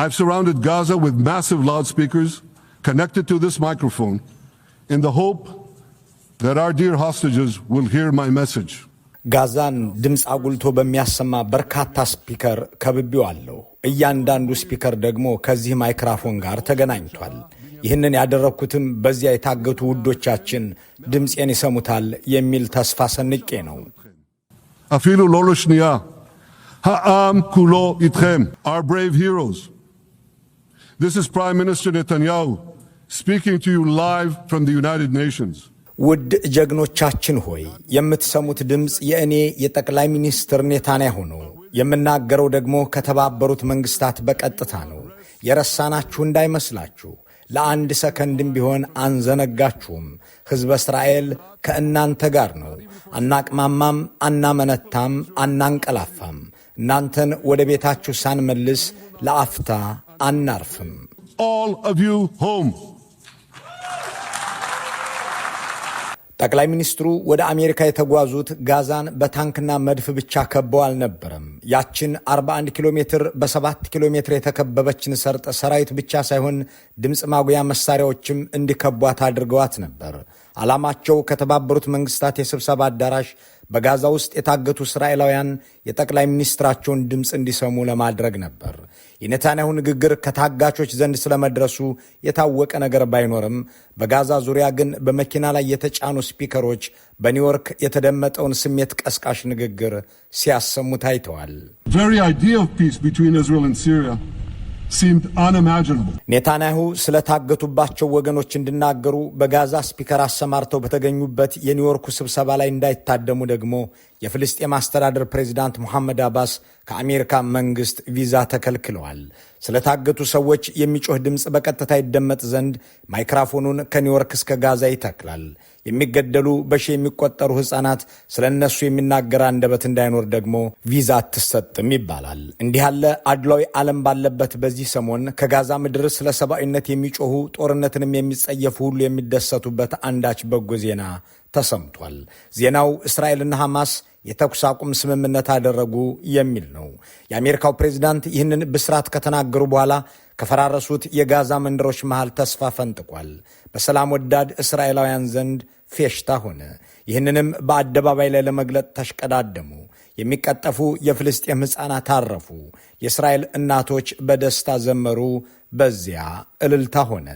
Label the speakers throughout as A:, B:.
A: I've surrounded Gaza with massive loudspeakers connected to this microphone in the hope that our dear hostages will hear my message.
B: ጋዛን ድምፅ አጉልቶ በሚያሰማ በርካታ ስፒከር ከብቤዋለሁ። እያንዳንዱ ስፒከር ደግሞ ከዚህ ማይክራፎን ጋር ተገናኝቷል። ይህንን ያደረግኩትም በዚያ የታገቱ ውዶቻችን ድምፄን ይሰሙታል የሚል ተስፋ ሰንቄ ነው።
A: አፊሉ ሎሎሽንያ ሃአም ኩሎ ኢትኸም አር ብሬቭ ሂሮስ This is Prime Minister Netanyahu speaking to you live from the United Nations.
B: ውድ ጀግኖቻችን ሆይ የምትሰሙት ድምፅ የእኔ የጠቅላይ ሚኒስትር ኔታንያሁ ነው። የምናገረው ደግሞ ከተባበሩት መንግስታት በቀጥታ ነው። የረሳናችሁ እንዳይመስላችሁ። ለአንድ ሰከንድም ቢሆን አንዘነጋችሁም። ሕዝበ እስራኤል ከእናንተ ጋር ነው። አናቅማማም፣ አናመነታም፣ አናንቀላፋም። እናንተን ወደ ቤታችሁ ሳንመልስ ለአፍታ አናርፍም።
A: ኦል ኦፍ ዩ ሆም።
B: ጠቅላይ ሚኒስትሩ ወደ አሜሪካ የተጓዙት ጋዛን በታንክና መድፍ ብቻ ከበው አልነበረም። ያችን 41 ኪሎ ሜትር በ7 ኪሎ ሜትር የተከበበችን ሰርጥ ሰራዊት ብቻ ሳይሆን ድምፅ ማጉያ መሳሪያዎችም እንዲከቧት አድርገዋት ነበር። ዓላማቸው ከተባበሩት መንግስታት የስብሰባ አዳራሽ በጋዛ ውስጥ የታገቱ እስራኤላውያን የጠቅላይ ሚኒስትራቸውን ድምፅ እንዲሰሙ ለማድረግ ነበር። የኔታንያሁ ንግግር ከታጋቾች ዘንድ ስለመድረሱ የታወቀ ነገር ባይኖርም በጋዛ ዙሪያ ግን በመኪና ላይ የተጫኑ ስፒከሮች በኒውዮርክ የተደመጠውን ስሜት ቀስቃሽ ንግግር ሲያሰሙ ታይተዋል። ኔታንያሁ ስለታገቱባቸው ወገኖች እንዲናገሩ በጋዛ ስፒከር አሰማርተው በተገኙበት የኒውዮርኩ ስብሰባ ላይ እንዳይታደሙ ደግሞ የፍልስጤም አስተዳደር ፕሬዚዳንት ሙሐመድ አባስ ከአሜሪካ መንግስት ቪዛ ተከልክለዋል። ስለታገቱ ሰዎች የሚጮህ ድምፅ በቀጥታ ይደመጥ ዘንድ ማይክራፎኑን ከኒውዮርክ እስከ ጋዛ ይተክላል። የሚገደሉ በሺ የሚቆጠሩ ሕፃናት ስለ እነሱ የሚናገር አንደበት እንዳይኖር ደግሞ ቪዛ አትሰጥም ይባላል። እንዲህ ያለ አድሏዊ ዓለም ባለበት በዚህ ሰሞን ከጋዛ ምድር ስለ ሰብአዊነት የሚጮሁ ጦርነትንም የሚጸየፉ ሁሉ የሚደሰቱበት አንዳች በጎ ዜና ተሰምቷል። ዜናው እስራኤልና ሐማስ የተኩስ አቁም ስምምነት አደረጉ የሚል ነው። የአሜሪካው ፕሬዚዳንት ይህንን ብስራት ከተናገሩ በኋላ ከፈራረሱት የጋዛ መንደሮች መሃል ተስፋ ፈንጥቋል። በሰላም ወዳድ እስራኤላውያን ዘንድ ፌሽታ ሆነ። ይህንንም በአደባባይ ላይ ለመግለጥ ተሽቀዳደሙ። የሚቀጠፉ የፍልስጤም ሕፃናት አረፉ። የእስራኤል እናቶች በደስታ ዘመሩ። በዚያ እልልታ ሆነ።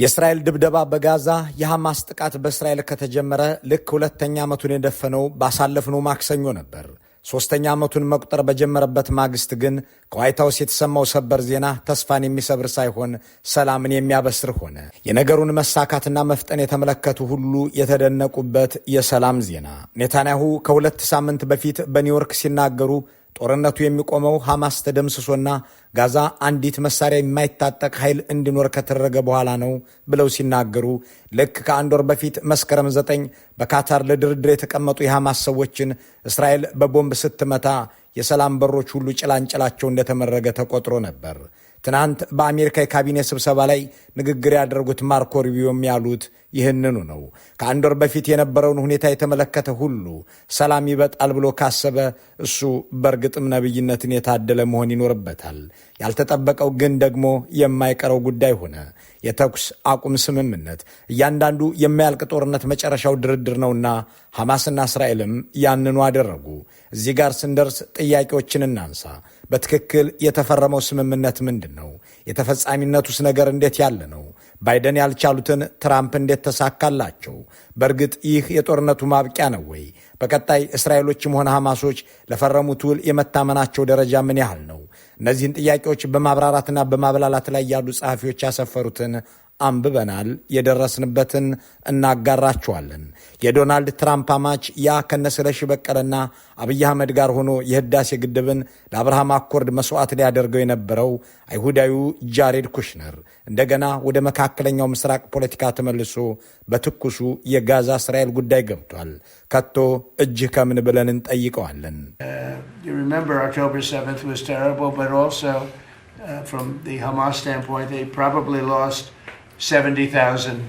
B: የእስራኤል ድብደባ በጋዛ የሐማስ ጥቃት በእስራኤል ከተጀመረ ልክ ሁለተኛ ዓመቱን የደፈነው ባሳለፍነው ማክሰኞ ነበር። ሦስተኛ ዓመቱን መቁጠር በጀመረበት ማግስት ግን ከዋይት የተሰማው ሰበር ዜና ተስፋን የሚሰብር ሳይሆን ሰላምን የሚያበስር ሆነ። የነገሩን መሳካትና መፍጠን የተመለከቱ ሁሉ የተደነቁበት የሰላም ዜና ኔታንያሁ ከሁለት ሳምንት በፊት በኒውዮርክ ሲናገሩ ጦርነቱ የሚቆመው ሐማስ ተደምስሶና ጋዛ አንዲት መሳሪያ የማይታጠቅ ኃይል እንዲኖር ከተደረገ በኋላ ነው ብለው ሲናገሩ ልክ ከአንድ ወር በፊት መስከረም ዘጠኝ በካታር ለድርድር የተቀመጡ የሐማስ ሰዎችን እስራኤል በቦምብ ስትመታ የሰላም በሮች ሁሉ ጭላንጭላቸው እንደተመረገ ተቆጥሮ ነበር። ትናንት በአሜሪካ የካቢኔ ስብሰባ ላይ ንግግር ያደረጉት ማርኮ ሩቢዮም ያሉት ይህንኑ ነው። ከአንድ ወር በፊት የነበረውን ሁኔታ የተመለከተ ሁሉ ሰላም ይበጣል ብሎ ካሰበ እሱ በእርግጥም ነቢይነትን የታደለ መሆን ይኖርበታል። ያልተጠበቀው ግን ደግሞ የማይቀረው ጉዳይ ሆነ። የተኩስ አቁም ስምምነት እያንዳንዱ የማያልቅ ጦርነት መጨረሻው ድርድር ነውና ሐማስና እስራኤልም ያንኑ አደረጉ። እዚህ ጋር ስንደርስ ጥያቄዎችን እናንሳ። በትክክል የተፈረመው ስምምነት ምንድን ነው? የተፈጻሚነቱስ ነገር እንዴት ያለ ነው? ባይደን ያልቻሉትን ትራምፕ እንዴት ተሳካላቸው? በእርግጥ ይህ የጦርነቱ ማብቂያ ነው ወይ? በቀጣይ እስራኤሎችም ሆነ ሐማሶች ለፈረሙት ውል የመታመናቸው ደረጃ ምን ያህል ነው? እነዚህን ጥያቄዎች በማብራራትና በማብላላት ላይ ያሉ ጸሐፊዎች ያሰፈሩትን አንብበናል። የደረስንበትን እናጋራችኋለን። የዶናልድ ትራምፕ አማች ያ ከነስለሺ በቀለና አብይ አህመድ ጋር ሆኖ የህዳሴ ግድብን ለአብርሃም አኮርድ መስዋዕት ሊያደርገው የነበረው አይሁዳዊው ጃሬድ ኩሽነር እንደገና ወደ መካከለኛው ምስራቅ ፖለቲካ ተመልሶ በትኩሱ የጋዛ እስራኤል ጉዳይ ገብቷል። ከቶ እጅህ ከምን ብለን እንጠይቀዋለን።
C: ሎስት uh, 70,000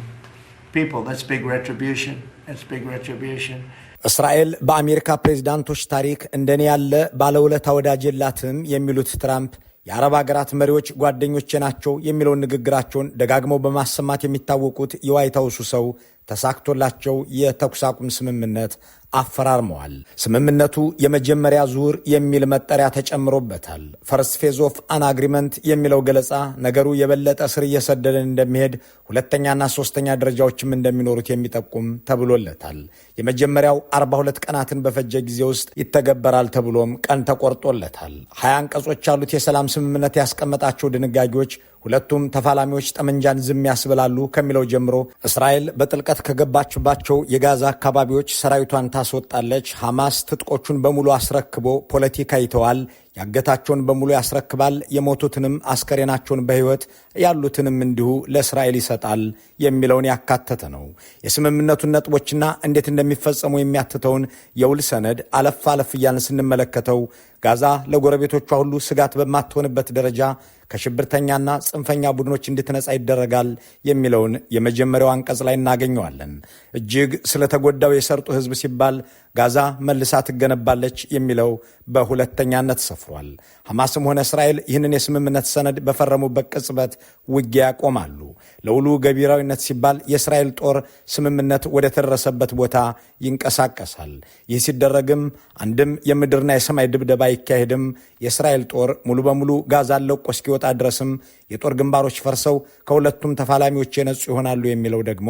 C: people. That's big retribution. That's big retribution.
B: እስራኤል በአሜሪካ ፕሬዚዳንቶች ታሪክ እንደኔ ያለ ባለውለታ ወዳጅ የላትም የሚሉት ትራምፕ የአረብ ሀገራት መሪዎች ጓደኞቼ ናቸው የሚለውን ንግግራቸውን ደጋግመው በማሰማት የሚታወቁት የዋይት ሀውሱ ሰው ተሳክቶላቸው የተኩስ አቁም ስምምነት አፈራርመዋል። ስምምነቱ የመጀመሪያ ዙር የሚል መጠሪያ ተጨምሮበታል። ፈርስት ፌዝ ኦፍ አን አግሪመንት የሚለው ገለጻ ነገሩ የበለጠ ስር እየሰደደን እንደሚሄድ ሁለተኛና ሶስተኛ ደረጃዎችም እንደሚኖሩት የሚጠቁም ተብሎለታል። የመጀመሪያው 42 ቀናትን በፈጀ ጊዜ ውስጥ ይተገበራል ተብሎም ቀን ተቆርጦለታል። ሀያ አንቀጾች ያሉት የሰላም ስምምነት ያስቀመጣቸው ድንጋጌዎች ሁለቱም ተፋላሚዎች ጠመንጃን ዝም ያስብላሉ ከሚለው ጀምሮ እስራኤል በጥልቀት ከገባችባቸው የጋዛ አካባቢዎች ሰራዊቷን ታስወጣለች፣ ሐማስ ትጥቆቹን በሙሉ አስረክቦ ፖለቲካ ይተዋል ያገታቸውን በሙሉ ያስረክባል፣ የሞቱትንም አስከሬናቸውን በሕይወት ያሉትንም እንዲሁ ለእስራኤል ይሰጣል የሚለውን ያካተተ ነው። የስምምነቱን ነጥቦችና እንዴት እንደሚፈጸሙ የሚያትተውን የውል ሰነድ አለፍ አለፍ እያልን ስንመለከተው ጋዛ ለጎረቤቶቿ ሁሉ ስጋት በማትሆንበት ደረጃ ከሽብርተኛና ጽንፈኛ ቡድኖች እንድትነጻ ይደረጋል የሚለውን የመጀመሪያው አንቀጽ ላይ እናገኘዋለን። እጅግ ስለተጎዳው የሰርጡ ሕዝብ ሲባል ጋዛ መልሳ ትገነባለች የሚለው በሁለተኛነት ሰፍሯል። ሐማስም ሆነ እስራኤል ይህንን የስምምነት ሰነድ በፈረሙበት ቅጽበት ውጊያ ያቆማሉ። ለውሉ ገቢራዊነት ሲባል የእስራኤል ጦር ስምምነት ወደ ተደረሰበት ቦታ ይንቀሳቀሳል። ይህ ሲደረግም አንድም የምድርና የሰማይ ድብደባ አይካሄድም። የእስራኤል ጦር ሙሉ በሙሉ ጋዛን ለቆ እስኪወጣ ድረስም የጦር ግንባሮች ፈርሰው ከሁለቱም ተፋላሚዎች የነጹ ይሆናሉ የሚለው ደግሞ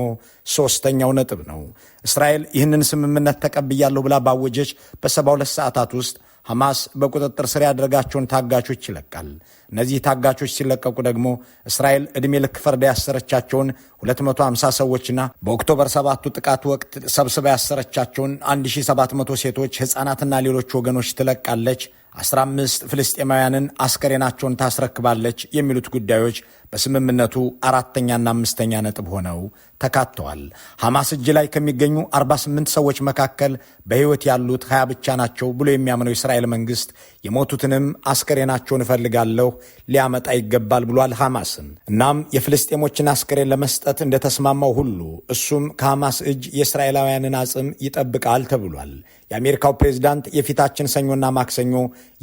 B: ሦስተኛው ነጥብ ነው። እስራኤል ይህንን ስምምነት ተቀብያለ አደርጋለሁ ብላ ባወጀች በሰባ ሁለት ሰዓታት ውስጥ ሐማስ በቁጥጥር ስር ያደረጋቸውን ታጋቾች ይለቃል። እነዚህ ታጋቾች ሲለቀቁ ደግሞ እስራኤል ዕድሜ ልክ ፈርዳ ያሰረቻቸውን 250 ሰዎችና በኦክቶበር 7ቱ ጥቃት ወቅት ሰብስባ ያሰረቻቸውን 1700 ሴቶች፣ ሕፃናትና ሌሎች ወገኖች ትለቃለች። 15 ፍልስጤማውያንን አስከሬናቸውን ታስረክባለች የሚሉት ጉዳዮች በስምምነቱ አራተኛና አምስተኛ ነጥብ ሆነው ተካተዋል። ሐማስ እጅ ላይ ከሚገኙ 48 ሰዎች መካከል በሕይወት ያሉት ሀያ ብቻ ናቸው ብሎ የሚያምነው የእስራኤል መንግስት የሞቱትንም አስከሬናቸውን እፈልጋለሁ ሊያመጣ ይገባል ብሏል ሐማስን። እናም የፍልስጤሞችን አስከሬን ለመስጠት እንደተስማማው ሁሉ እሱም ከሐማስ እጅ የእስራኤላውያንን አጽም ይጠብቃል ተብሏል። የአሜሪካው ፕሬዚዳንት የፊታችን ሰኞና ማክሰኞ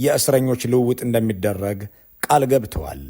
B: የእስረኞች ልውውጥ እንደሚደረግ ቃል ገብተዋል።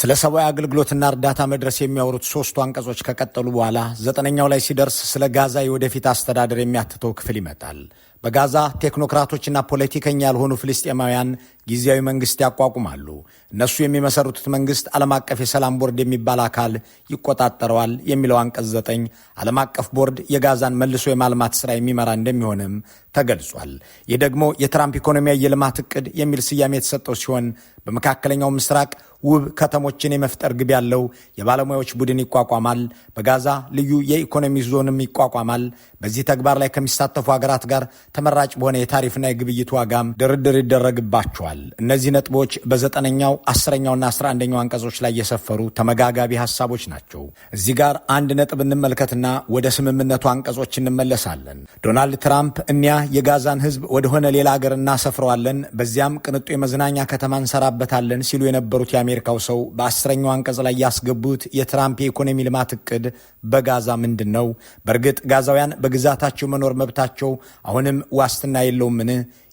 B: ስለ ሰብአዊ አገልግሎትና እርዳታ መድረስ የሚያወሩት ሶስቱ አንቀጾች ከቀጠሉ በኋላ ዘጠነኛው ላይ ሲደርስ ስለ ጋዛ የወደፊት አስተዳደር የሚያትተው ክፍል ይመጣል። በጋዛ ቴክኖክራቶችና ፖለቲከኛ ያልሆኑ ፍልስጤማውያን ጊዜያዊ መንግስት ያቋቁማሉ። እነሱ የሚመሰርቱት መንግስት ዓለም አቀፍ የሰላም ቦርድ የሚባል አካል ይቆጣጠረዋል የሚለው አንቀጽ ዘጠኝ ዓለም አቀፍ ቦርድ የጋዛን መልሶ የማልማት ስራ የሚመራ እንደሚሆንም ተገልጿል። ይህ ደግሞ የትራምፕ ኢኮኖሚያዊ የልማት እቅድ የሚል ስያሜ የተሰጠው ሲሆን በመካከለኛው ምስራቅ ውብ ከተሞችን የመፍጠር ግብ ያለው የባለሙያዎች ቡድን ይቋቋማል። በጋዛ ልዩ የኢኮኖሚ ዞንም ይቋቋማል። በዚህ ተግባር ላይ ከሚሳተፉ ሀገራት ጋር ተመራጭ በሆነ የታሪፍና የግብይት ዋጋም ድርድር ይደረግባቸዋል። ይላል። እነዚህ ነጥቦች በዘጠነኛው አስረኛውና አስራ አንደኛው አንቀጾች ላይ የሰፈሩ ተመጋጋቢ ሀሳቦች ናቸው። እዚህ ጋር አንድ ነጥብ እንመልከትና ወደ ስምምነቱ አንቀጾች እንመለሳለን። ዶናልድ ትራምፕ እኒያ የጋዛን ህዝብ ወደሆነ ሌላ ሀገር እናሰፍረዋለን፣ በዚያም ቅንጡ የመዝናኛ ከተማ እንሰራበታለን ሲሉ የነበሩት የአሜሪካው ሰው በአስረኛው አንቀጽ ላይ ያስገቡት የትራምፕ የኢኮኖሚ ልማት እቅድ በጋዛ ምንድን ነው? በእርግጥ ጋዛውያን በግዛታቸው መኖር መብታቸው አሁንም ዋስትና የለውምን?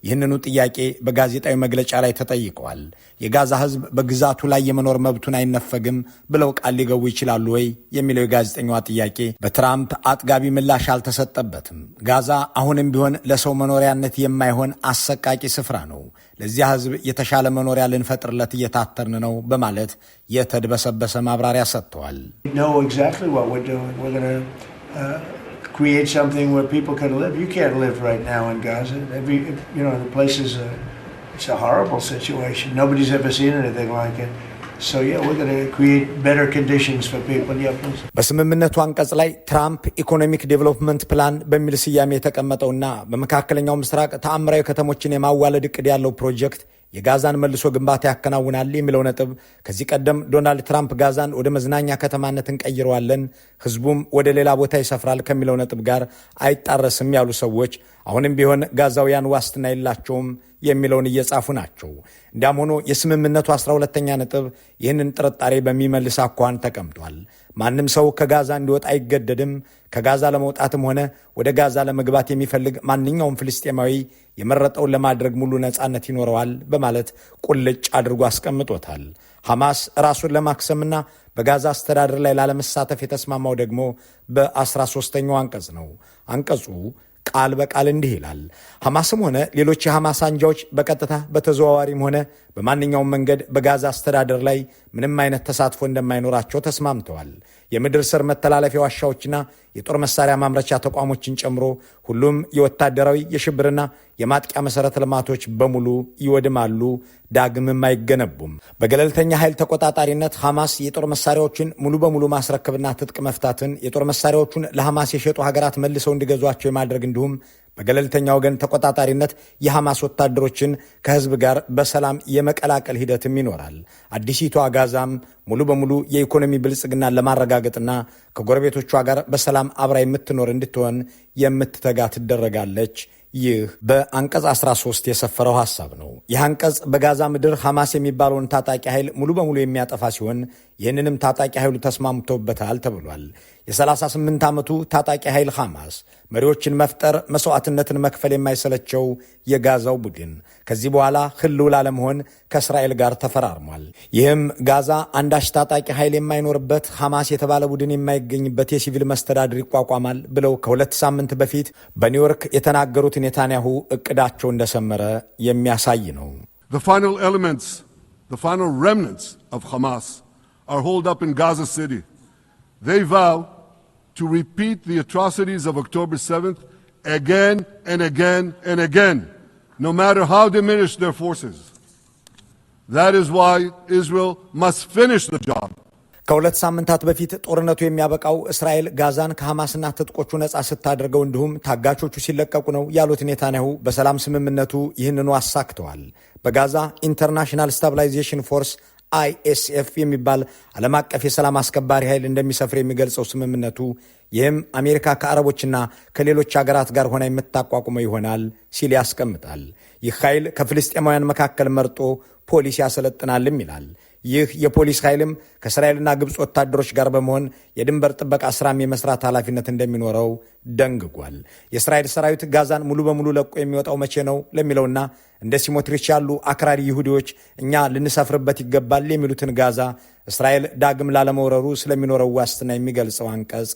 B: ይህንኑ ጥያቄ በጋዜጣዊ መግለጫ ላይ ተጠይቀዋል። የጋዛ ሕዝብ በግዛቱ ላይ የመኖር መብቱን አይነፈግም ብለው ቃል ሊገቡ ይችላሉ ወይ የሚለው የጋዜጠኛዋ ጥያቄ በትራምፕ አጥጋቢ ምላሽ አልተሰጠበትም። ጋዛ አሁንም ቢሆን ለሰው መኖሪያነት የማይሆን አሰቃቂ ስፍራ ነው። ለዚያ ሕዝብ የተሻለ መኖሪያ ልንፈጥርለት እየታተርን ነው በማለት የተድበሰበሰ ማብራሪያ ሰጥተዋል።
C: create something where people can live. You can't live right now in Gaza. Every, you know, the place is a, it's a horrible situation. Nobody's ever seen anything like it.
B: በስምምነቱ አንቀጽ ላይ ትራምፕ ኢኮኖሚክ ዴቨሎፕመንት ፕላን በሚል ስያሜ የተቀመጠውና በመካከለኛው ምስራቅ ተአምራዊ ከተሞችን የማዋለድ እቅድ ያለው ፕሮጀክት የጋዛን መልሶ ግንባታ ያከናውናል የሚለው ነጥብ ከዚህ ቀደም ዶናልድ ትራምፕ ጋዛን ወደ መዝናኛ ከተማነት እንቀይረዋለን፣ ህዝቡም ወደ ሌላ ቦታ ይሰፍራል ከሚለው ነጥብ ጋር አይጣረስም ያሉ ሰዎች አሁንም ቢሆን ጋዛውያን ዋስትና የላቸውም የሚለውን እየጻፉ ናቸው። እንዲያም ሆኖ የስምምነቱ 12ተኛ ነጥብ ይህንን ጥርጣሬ በሚመልስ አኳን ተቀምጧል። ማንም ሰው ከጋዛ እንዲወጣ አይገደድም። ከጋዛ ለመውጣትም ሆነ ወደ ጋዛ ለመግባት የሚፈልግ ማንኛውም ፍልስጤማዊ የመረጠውን ለማድረግ ሙሉ ነፃነት ይኖረዋል በማለት ቁልጭ አድርጎ አስቀምጦታል። ሐማስ ራሱን ለማክሰምና በጋዛ አስተዳደር ላይ ላለመሳተፍ የተስማማው ደግሞ በ13ኛው አንቀጽ ነው። አንቀጹ ቃል በቃል እንዲህ ይላል። ሐማስም ሆነ ሌሎች የሐማስ አንጃዎች በቀጥታ በተዘዋዋሪም ሆነ በማንኛውም መንገድ በጋዛ አስተዳደር ላይ ምንም አይነት ተሳትፎ እንደማይኖራቸው ተስማምተዋል። የምድር ስር መተላለፊያ ዋሻዎችና የጦር መሳሪያ ማምረቻ ተቋሞችን ጨምሮ ሁሉም የወታደራዊ የሽብርና የማጥቂያ መሰረተ ልማቶች በሙሉ ይወድማሉ፣ ዳግምም አይገነቡም። በገለልተኛ ኃይል ተቆጣጣሪነት ሐማስ የጦር መሳሪያዎችን ሙሉ በሙሉ ማስረከብና ትጥቅ መፍታትን፣ የጦር መሳሪያዎቹን ለሐማስ የሸጡ ሀገራት መልሰው እንዲገዟቸው የማድረግ እንዲሁም በገለልተኛ ወገን ተቆጣጣሪነት የሐማስ ወታደሮችን ከህዝብ ጋር በሰላም የመቀላቀል ሂደትም ይኖራል። አዲሲቷ ጋዛም ሙሉ በሙሉ የኢኮኖሚ ብልጽግናን ለማረጋገጥና ከጎረቤቶቿ ጋር በሰላም አብራ የምትኖር እንድትሆን የምትተጋ ትደረጋለች። ይህ በአንቀጽ 13 የሰፈረው ሐሳብ ነው። ይህ አንቀጽ በጋዛ ምድር ሐማስ የሚባለውን ታጣቂ ኃይል ሙሉ በሙሉ የሚያጠፋ ሲሆን ይህንንም ታጣቂ ኃይሉ ተስማምቶበታል ተብሏል። የ38 ዓመቱ ታጣቂ ኃይል ሐማስ መሪዎችን መፍጠር፣ መስዋዕትነትን መክፈል የማይሰለቸው የጋዛው ቡድን ከዚህ በኋላ ህልው ላለመሆን ከእስራኤል ጋር ተፈራርሟል። ይህም ጋዛ አንዳች ታጣቂ ኃይል የማይኖርበት ሐማስ የተባለ ቡድን የማይገኝበት የሲቪል መስተዳድር ይቋቋማል ብለው ከሁለት ሳምንት በፊት በኒውዮርክ የተናገሩት ኔታንያሁ እቅዳቸው እንደሰመረ የሚያሳይ ነው።
A: ቫው to repeat the atrocities of October 7th again and again and again, no matter how diminished their forces. That is why Israel must finish the job.
B: ከሁለት ሳምንታት በፊት ጦርነቱ የሚያበቃው እስራኤል ጋዛን ከሐማስና ትጥቆቹ ነጻ ስታደርገው እንዲሁም ታጋቾቹ ሲለቀቁ ነው ያሉት ኔታንያሁ በሰላም ስምምነቱ ይህንኑ አሳክተዋል። በጋዛ ኢንተርናሽናል ስታብላይዜሽን ፎርስ አይኤስኤፍ የሚባል ዓለም አቀፍ የሰላም አስከባሪ ኃይል እንደሚሰፍር የሚገልጸው ስምምነቱ ይህም አሜሪካ ከአረቦችና ከሌሎች አገራት ጋር ሆና የምታቋቁመው ይሆናል ሲል ያስቀምጣል። ይህ ኃይል ከፍልስጤማውያን መካከል መርጦ ፖሊስ ያሰለጥናልም ይላል። ይህ የፖሊስ ኃይልም ከእስራኤልና ግብፅ ወታደሮች ጋር በመሆን የድንበር ጥበቃ ስራም የመስራት ኃላፊነት እንደሚኖረው ደንግጓል። የእስራኤል ሰራዊት ጋዛን ሙሉ በሙሉ ለቆ የሚወጣው መቼ ነው ለሚለውና እንደ ሲሞትሪች ያሉ አክራሪ ይሁዲዎች እኛ ልንሰፍርበት ይገባል የሚሉትን ጋዛ እስራኤል ዳግም ላለመውረሩ ስለሚኖረው ዋስትና የሚገልጸው አንቀጽ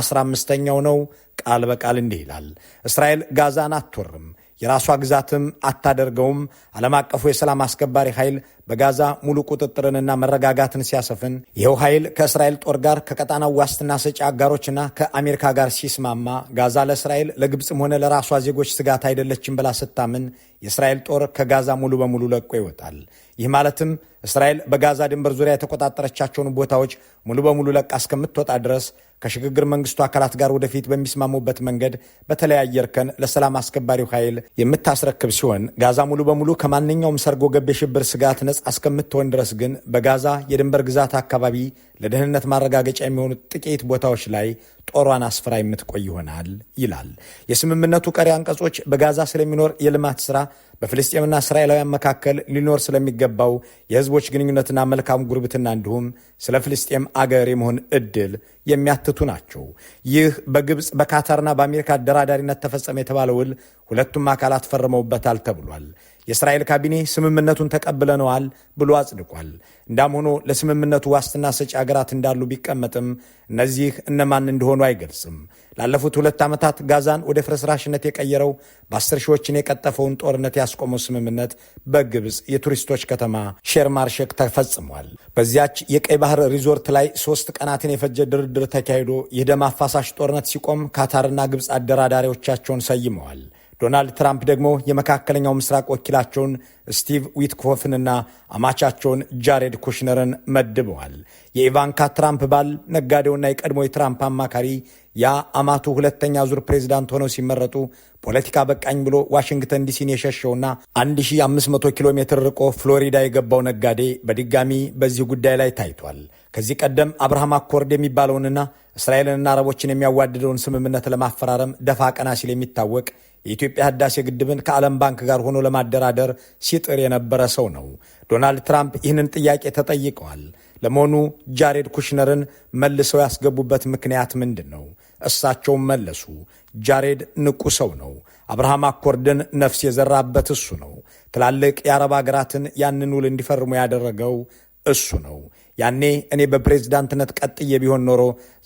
B: አስራ አምስተኛው ነው። ቃል በቃል እንዲህ ይላል። እስራኤል ጋዛን አትወርም የራሷ ግዛትም አታደርገውም። ዓለም አቀፉ የሰላም አስከባሪ ኃይል በጋዛ ሙሉ ቁጥጥርንና መረጋጋትን ሲያሰፍን፣ ይኸው ኃይል ከእስራኤል ጦር ጋር ከቀጣናው ዋስትና ሰጪ አጋሮችና ከአሜሪካ ጋር ሲስማማ፣ ጋዛ ለእስራኤል ለግብፅም ሆነ ለራሷ ዜጎች ስጋት አይደለችም ብላ ስታምን የእስራኤል ጦር ከጋዛ ሙሉ በሙሉ ለቆ ይወጣል። ይህ ማለትም እስራኤል በጋዛ ድንበር ዙሪያ የተቆጣጠረቻቸውን ቦታዎች ሙሉ በሙሉ ለቃ እስከምትወጣ ድረስ ከሽግግር መንግስቱ አካላት ጋር ወደፊት በሚስማሙበት መንገድ በተለያየ እርከን ለሰላም አስከባሪው ኃይል የምታስረክብ ሲሆን ጋዛ ሙሉ በሙሉ ከማንኛውም ሰርጎ ገብ የሽብር ስጋት ነጻ እስከምትሆን ድረስ ግን በጋዛ የድንበር ግዛት አካባቢ ለደህንነት ማረጋገጫ የሚሆኑ ጥቂት ቦታዎች ላይ ጦሯን አስፍራ የምትቆይ ይሆናል ይላል። የስምምነቱ ቀሪ አንቀጾች በጋዛ ስለሚኖር የልማት ስራ፣ በፍልስጤምና እስራኤላውያን መካከል ሊኖር ስለሚገባው የህዝቦች ግንኙነትና መልካም ጉርብትና እንዲሁም ስለ ፍልስጤም አገር የመሆን እድል የሚያትቱ ናቸው። ይህ በግብፅ በካታርና በአሜሪካ አደራዳሪነት ተፈጸመ የተባለ ውል ሁለቱም አካላት ፈርመውበታል ተብሏል። የእስራኤል ካቢኔ ስምምነቱን ተቀብለነዋል ብሎ አጽድቋል። እንዳም ሆኖ ለስምምነቱ ዋስትና ሰጪ አገራት እንዳሉ ቢቀመጥም እነዚህ እነማን እንደሆኑ አይገልጽም። ላለፉት ሁለት ዓመታት ጋዛን ወደ ፍርስራሽነት የቀየረው በአስር ሺዎችን የቀጠፈውን ጦርነት ያስቆመው ስምምነት በግብፅ የቱሪስቶች ከተማ ሼርማርሸክ ተፈጽሟል። በዚያች የቀይ ባህር ሪዞርት ላይ ሶስት ቀናትን የፈጀ ድርድር ተካሂዶ የደም አፋሳሽ ጦርነት ሲቆም ካታርና ግብፅ አደራዳሪዎቻቸውን ሰይመዋል። ዶናልድ ትራምፕ ደግሞ የመካከለኛው ምስራቅ ወኪላቸውን ስቲቭ ዊትኮፍንና አማቻቸውን ጃሬድ ኩሽነርን መድበዋል። የኢቫንካ ትራምፕ ባል ነጋዴውና የቀድሞ የትራምፕ አማካሪ ያ አማቱ ሁለተኛ ዙር ፕሬዚዳንት ሆነው ሲመረጡ ፖለቲካ በቃኝ ብሎ ዋሽንግተን ዲሲን የሸሸውና 1500 ኪሎ ሜትር ርቆ ፍሎሪዳ የገባው ነጋዴ በድጋሚ በዚህ ጉዳይ ላይ ታይቷል። ከዚህ ቀደም አብርሃም አኮርድ የሚባለውንና እስራኤልንና አረቦችን የሚያዋድደውን ስምምነት ለማፈራረም ደፋ ቀና ሲል የሚታወቅ የኢትዮጵያ ህዳሴ ግድብን ከዓለም ባንክ ጋር ሆኖ ለማደራደር ሲጥር የነበረ ሰው ነው። ዶናልድ ትራምፕ ይህንን ጥያቄ ተጠይቀዋል። ለመሆኑ ጃሬድ ኩሽነርን መልሰው ያስገቡበት ምክንያት ምንድን ነው? እሳቸውም መለሱ። ጃሬድ ንቁ ሰው ነው። አብርሃም አኮርድን ነፍስ የዘራበት እሱ ነው። ትላልቅ የአረብ ሀገራትን ያንን ውል እንዲፈርሙ ያደረገው እሱ ነው። ያኔ እኔ በፕሬዝዳንትነት ቀጥዬ ቢሆን ኖሮ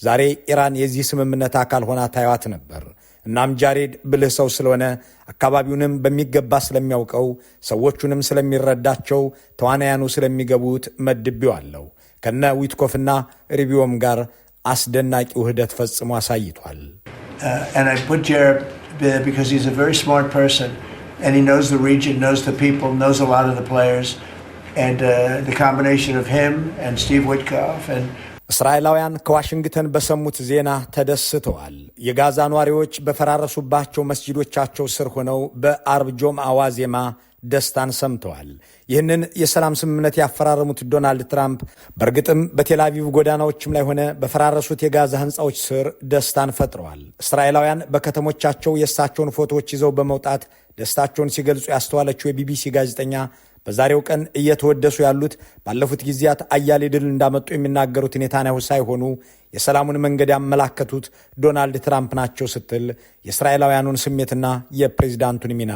B: ዛሬ ኢራን የዚህ ስምምነት አካል ሆና ታይዋት ነበር። እናም ጃሬድ ብልህ ሰው ስለሆነ አካባቢውንም በሚገባ ስለሚያውቀው ሰዎቹንም ስለሚረዳቸው ተዋናያኑ ስለሚገቡት መድቤዋለሁ። ከነ ዊትኮፍና ሪቢዮም ጋር አስደናቂ ውህደት ፈጽሞ አሳይቷል። uh, እስራኤላውያን ከዋሽንግተን በሰሙት ዜና ተደስተዋል። የጋዛ ነዋሪዎች በፈራረሱባቸው መስጂዶቻቸው ስር ሆነው በአርብ ጆምአ ዋዜማ ደስታን ሰምተዋል። ይህንን የሰላም ስምምነት ያፈራረሙት ዶናልድ ትራምፕ በእርግጥም በቴላቪቭ ጎዳናዎችም ላይ ሆነ በፈራረሱት የጋዛ ሕንፃዎች ስር ደስታን ፈጥረዋል። እስራኤላውያን በከተሞቻቸው የእሳቸውን ፎቶዎች ይዘው በመውጣት ደስታቸውን ሲገልጹ ያስተዋለችው የቢቢሲ ጋዜጠኛ በዛሬው ቀን እየተወደሱ ያሉት ባለፉት ጊዜያት አያሌ ድል እንዳመጡ የሚናገሩት ኔታንያሁ ሳይሆኑ የሰላሙን መንገድ ያመላከቱት ዶናልድ ትራምፕ ናቸው ስትል የእስራኤላውያኑን ስሜትና የፕሬዚዳንቱን ሚና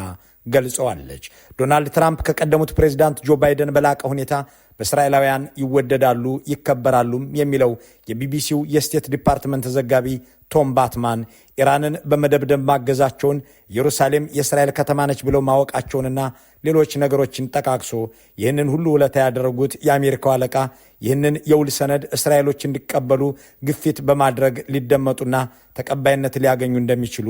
B: ገልጸዋለች። ዶናልድ ትራምፕ ከቀደሙት ፕሬዚዳንት ጆ ባይደን በላቀ ሁኔታ በእስራኤላውያን ይወደዳሉ ይከበራሉም የሚለው የቢቢሲው የስቴት ዲፓርትመንት ዘጋቢ ቶም ባትማን ኢራንን በመደብደብ ማገዛቸውን ኢየሩሳሌም የእስራኤል ከተማ ነች ብለው ማወቃቸውንና ሌሎች ነገሮችን ጠቃቅሶ ይህንን ሁሉ ውለታ ያደረጉት የአሜሪካው አለቃ ይህንን የውል ሰነድ እስራኤሎች እንዲቀበሉ ግፊት በማድረግ ሊደመጡና ተቀባይነት ሊያገኙ እንደሚችሉ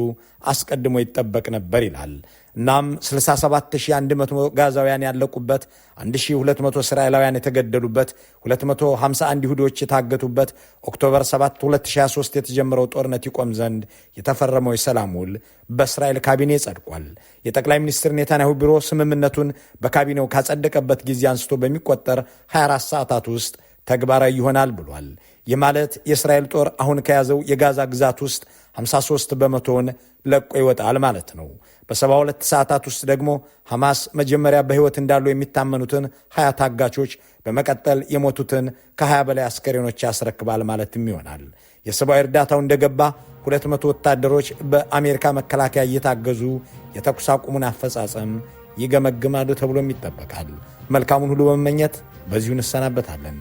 B: አስቀድሞ ይጠበቅ ነበር ይላል። እናም 67100 ጋዛውያን ያለቁበት፣ 1200 እስራኤላውያን የተገደሉበት፣ 251 ይሁዶች የታገቱበት ኦክቶበር 7 2023 የተጀመረው ጦርነት ይቆም ዘንድ የተፈረመው የሰላም ውል በእስራኤል ካቢኔ ጸድቋል። የጠቅላይ ሚኒስትር ኔታንያሁ ቢሮ ስምምነቱን በካቢኔው ካጸደቀበት ጊዜ አንስቶ በሚቆጠር 24 ሰዓታት ውስጥ ተግባራዊ ይሆናል ብሏል። ይህ ማለት የእስራኤል ጦር አሁን ከያዘው የጋዛ ግዛት ውስጥ 53 በመቶውን ለቆ ይወጣል ማለት ነው። በሰባ ሁለት ሰዓታት ውስጥ ደግሞ ሐማስ መጀመሪያ በሕይወት እንዳሉ የሚታመኑትን ሀያ ታጋቾች በመቀጠል የሞቱትን ከ20 በላይ አስከሬኖች ያስረክባል ማለትም ይሆናል። የሰብአዊ እርዳታው እንደገባ 200 ወታደሮች በአሜሪካ መከላከያ እየታገዙ የተኩስ አቁሙን አፈጻጸም ይገመግማሉ ተብሎም ይጠበቃል። መልካሙን ሁሉ በመመኘት በዚሁ እንሰናበታለን።